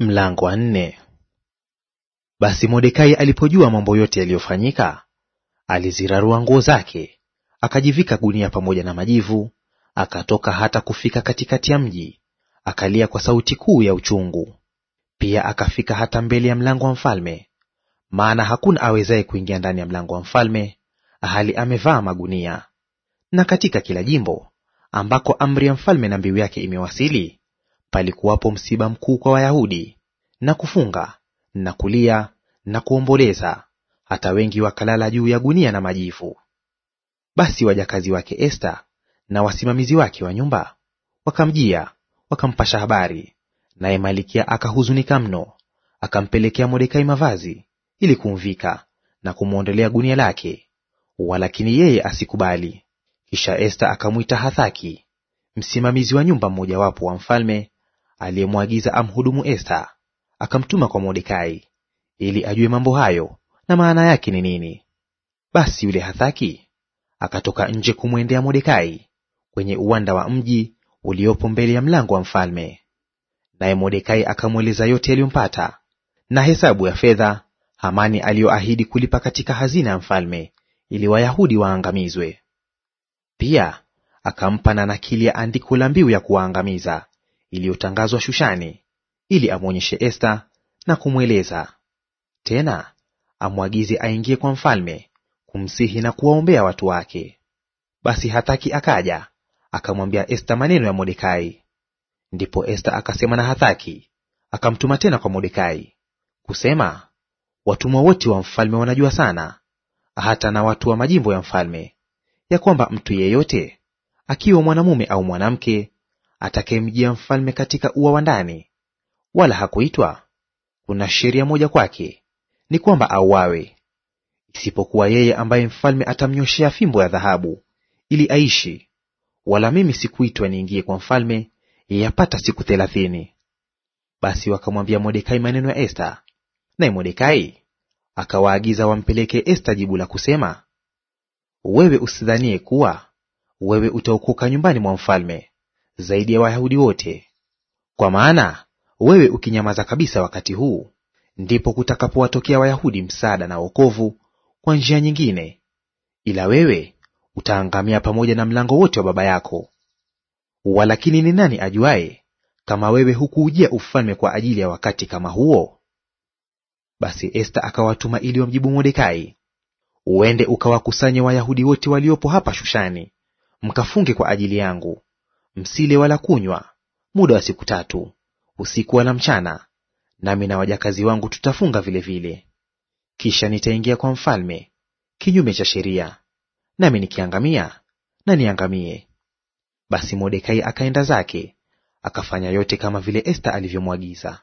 Mlango wa nne. Basi Mordekai alipojua mambo yote yaliyofanyika, alizirarua nguo zake, akajivika gunia pamoja na majivu, akatoka hata kufika katikati ya mji, akalia kwa sauti kuu ya uchungu. Pia akafika hata mbele ya mlango wa mfalme, maana hakuna awezaye kuingia ndani ya mlango wa mfalme hali amevaa magunia. Na katika kila jimbo ambako amri ya mfalme na mbiu yake imewasili, palikuwapo msiba mkuu kwa Wayahudi, na kufunga na kulia na kuomboleza, hata wengi wakalala juu ya gunia na majivu. Basi wajakazi wake Esta na wasimamizi wake wa nyumba wakamjia wakampasha habari, naye Malikia akahuzunika mno, akampelekea Mordekai mavazi ili kumvika na kumwondolea gunia lake, walakini yeye asikubali. Kisha Esta akamwita Hathaki, msimamizi wa nyumba mmojawapo wa mfalme, aliyemwagiza amhudumu Esta, akamtuma kwa Mordekai ili ajue mambo hayo na maana yake ni nini. Basi yule Hathaki akatoka nje kumwendea Mordekai kwenye uwanda wa mji uliopo mbele ya mlango wa mfalme. Naye Mordekai akamweleza yote yaliyompata na hesabu ya fedha Hamani aliyoahidi kulipa katika hazina ya mfalme ili Wayahudi waangamizwe. Pia akampa na nakili ya andiko la mbiu ya kuwaangamiza iliyotangazwa Shushani, ili amwonyeshe Esta na kumweleza tena, amwagize aingie kwa mfalme kumsihi na kuwaombea watu wake. Basi Hataki akaja akamwambia Esta maneno ya Mordekai. Ndipo Esta akasema na Hathaki akamtuma tena kwa Mordekai kusema, watumwa wote wa mfalme wanajua sana, hata na watu wa majimbo ya mfalme, ya kwamba mtu yeyote akiwa mwanamume au mwanamke atakayemjia mfalme katika ua wa ndani, wala hakuitwa, kuna sheria moja kwake, ni kwamba auawe, isipokuwa yeye ambaye mfalme atamnyoshea fimbo ya dhahabu ili aishi. Wala mimi sikuitwa niingie kwa mfalme yapata siku thelathini. Basi wakamwambia Mordekai maneno ya Esta, naye Mordekai akawaagiza wampeleke Esta jibu la kusema, wewe usidhanie kuwa wewe utaokoka nyumbani mwa mfalme, zaidi ya Wayahudi wote, kwa maana wewe ukinyamaza kabisa wakati huu, ndipo kutakapowatokea Wayahudi msaada na wokovu kwa njia nyingine, ila wewe utaangamia pamoja na mlango wote wa baba yako. Walakini ni nani ajuaye kama wewe hukuujia ufalme kwa ajili ya wakati kama huo? Basi Esta akawatuma ili wamjibu Mordekai, uende ukawakusanye Wayahudi wote waliopo hapa Shushani, mkafunge kwa ajili yangu, msile wala kunywa muda wa siku tatu, usiku wala mchana; nami na wajakazi wangu tutafunga vilevile vile. Kisha nitaingia kwa mfalme kinyume cha sheria, nami nikiangamia na niangamie. Basi Mordekai akaenda zake akafanya yote kama vile Esta alivyomwagiza.